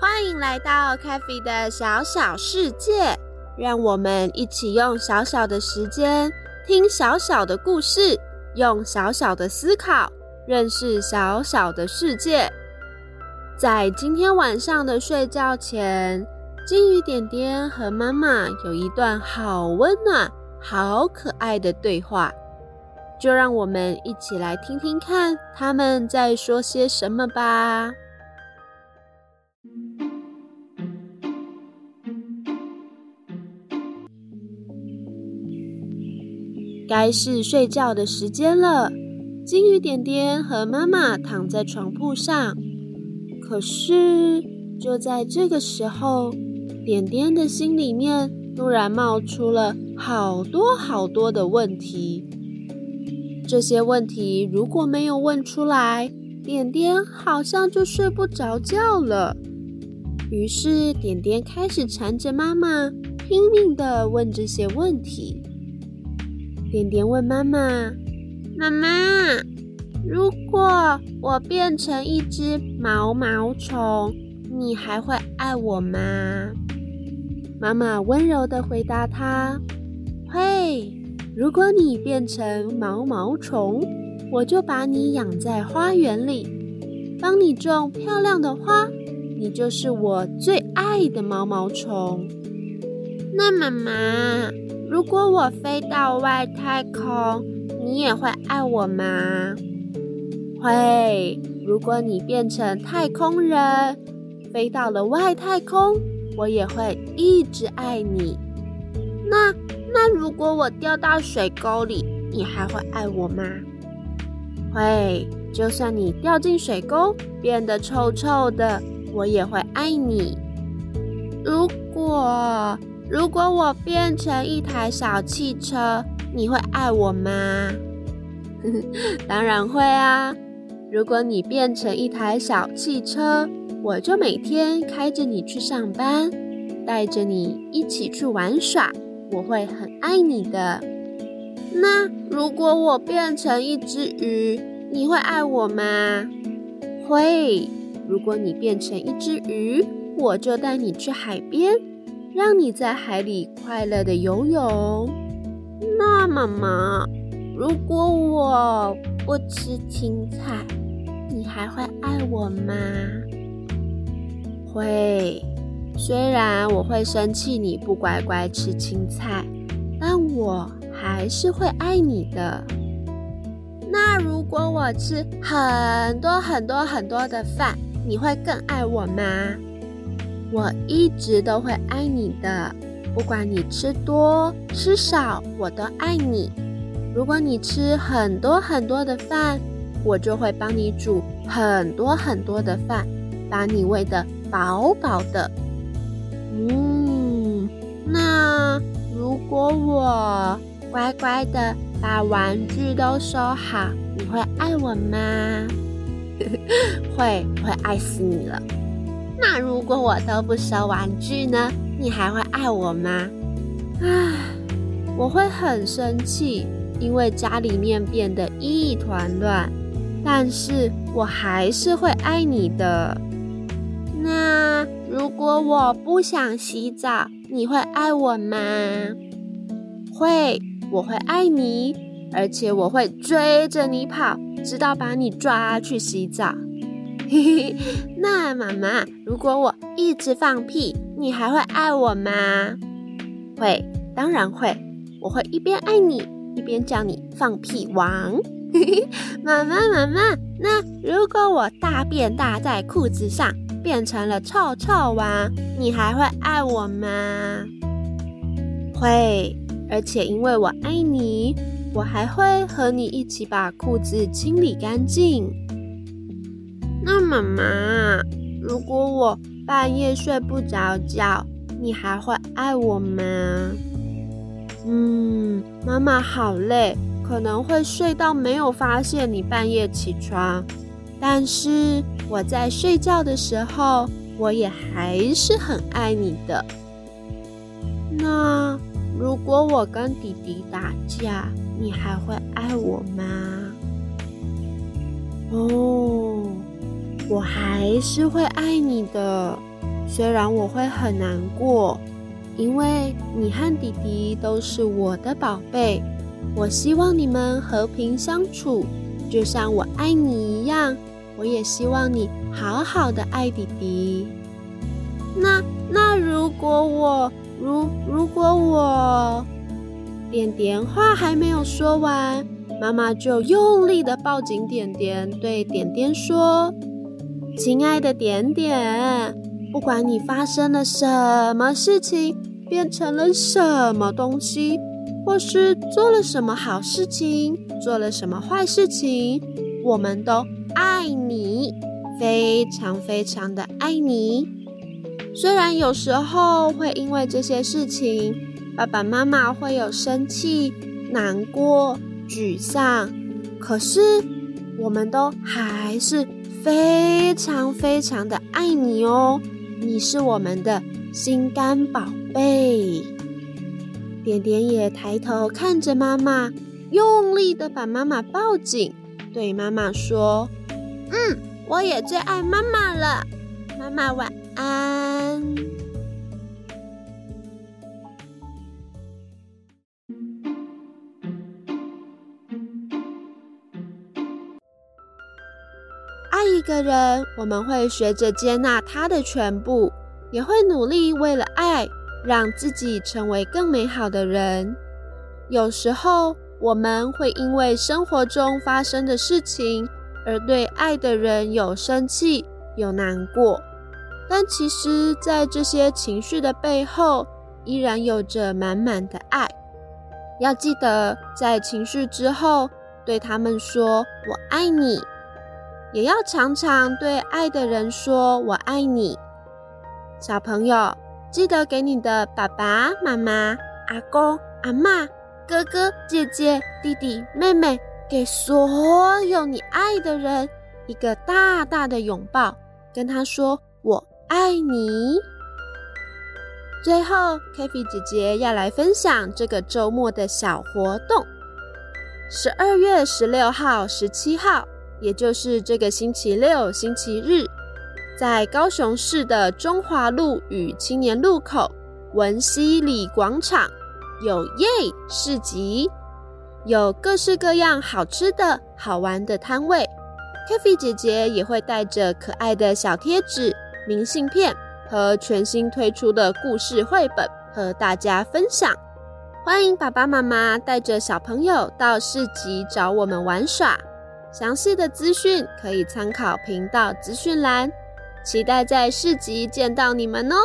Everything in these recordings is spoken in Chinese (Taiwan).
歡迎來到 CaFi 的小小世界，讓我們一起用小小的時間聽小小的故事，用小小的思考認識小小的世界。在今天晚上的睡覺前，鯨魚點點和媽媽有一段好溫暖、好可愛的對話，就讓我們一起來聽聽看他們在說些什麼吧。該是睡覺的時間了，鯨魚點點和媽媽躺在床鋪上，可是就在這個時候，點點的心裡面突然冒出了好多好多的問題。這些問題如果沒有問出來，點點好像就睡不着覺了。於是點點開始纏着媽媽，拼命地問這些問題。點點問媽媽：“媽媽，如果我變成一隻毛毛蟲，你還會愛我嗎？”媽媽溫柔地回答他：“嘿，如果你變成毛毛蟲，我就把你養在花園裡，幫你種漂亮的花，你就是我最愛的毛毛蟲。”那媽媽。如果我飛到外太空，你也會愛我嗎？會。如果你變成太空人，飛到了外太空，我也會一直愛你。那那如果我掉到水溝裡，你還會愛我嗎？會。就算你掉進水溝，變得臭臭的，我也會愛你。如果。如果我變成一台小汽車，你會愛我嗎？ 當然會啊！如果你變成一台小汽車，我就每天開着你去上班，帶着你一起去玩耍，我會很愛你的。那如果我變成一隻魚，你會愛我嗎？會。 如果你變成一隻魚，我就帶你去海邊。讓你在海裡快樂地游泳。那媽媽，如果我不吃青菜，你還會愛我嗎？會，雖然我會生氣你不乖乖吃青菜，但我還是會愛你的。那如果我吃很多很多很多的飯，你會更愛我嗎？我一直都會愛你的，不管你吃多吃少，我都愛你。如果你吃很多很多的飯，我就會幫你煮很多很多的飯，把你餵得飽飽的。嗯，那如果我乖乖的把玩具都收好，你會愛我嗎？ 會，會愛死你了。那如果我都不收玩具呢？你還會愛我嗎？唉，我會很生氣，因為家裡面變得一團亂。但是我還是會愛你的。那如果我不想洗澡，你會愛我嗎？會，我會愛你，而且我會追着你跑，直到把你抓去洗澡。嘿嘿， 那媽媽，如果我一直放屁，你還會愛我嗎？會，當然會。我會一邊愛你，一邊叫你放屁王。嘿 嘿，媽媽媽媽，那如果我大便大在褲子上，變成了臭臭王，你還會愛我嗎？會，而且因為我愛你，我還會和你一起把褲子清理乾淨。那麼，媽媽，如果我半夜睡不着覺，你還會愛我嗎？嗯，媽媽好累，可能會睡到沒有發現你半夜起床。但是我在睡覺的時候，我也還是很愛你的。那如果我跟弟弟打架，你還會愛我嗎？哦。我還是會愛你的，雖然我會很難過，因為你和弟弟都是我的寶貝。我希望你們和平相處，就像我愛你一樣。我也希望你好好的愛弟弟。那，那如果我，如，如果我，點點話還沒有說完，媽媽就用力的抱緊點點，對點點說。親愛的點點，不管你發生了什麼事情，變成了什麼東西，或是做了什麼好事情，做了什麼壞事情，我們都愛你，非常非常的愛你。雖然有時候會因為這些事情，爸爸媽媽會有生氣、難過、沮喪，可是我們都還是，非常非常的愛你哦，你是我們的心肝寶貝。點點也抬頭看着媽媽，用力的把媽媽抱緊，對媽媽說：“嗯，我也最愛媽媽了，媽媽晚安。”一個人，我們會學着接納他的全部，也會努力為了愛，讓自己成為更美好的人。有時候，我們會因為生活中發生的事情而對愛的人有生氣、有難過，但其實，在這些情緒的背後，依然有着滿滿的愛。要記得，在情緒之後，對他們說“我愛你”。也要常常對愛的人說“我愛你”。小朋友，記得給你的爸爸媽媽、阿公、阿嬤、哥哥、姐姐、弟弟、妹妹，給所有你愛的人一個大大的擁抱，跟他說“我愛你”。最後，CaFi 姐姐要來分享這個周末的小活動：十二月十六號、十七號。也就是這個星期六、星期日，在高雄市的中華路與青年路口文西里廣場有 Yeah 市集，有各式各樣好吃的、好玩的攤位。CaFi 姐姐也會帶着可愛的小貼紙、明信片和全新推出的故事繪本和大家分享。歡迎爸爸媽媽帶着小朋友到市集找我們玩耍。詳細的資訊可以參考頻道資訊欄，期待在市集見到你們哦。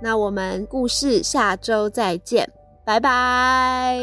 那我們故事下周再見，拜拜。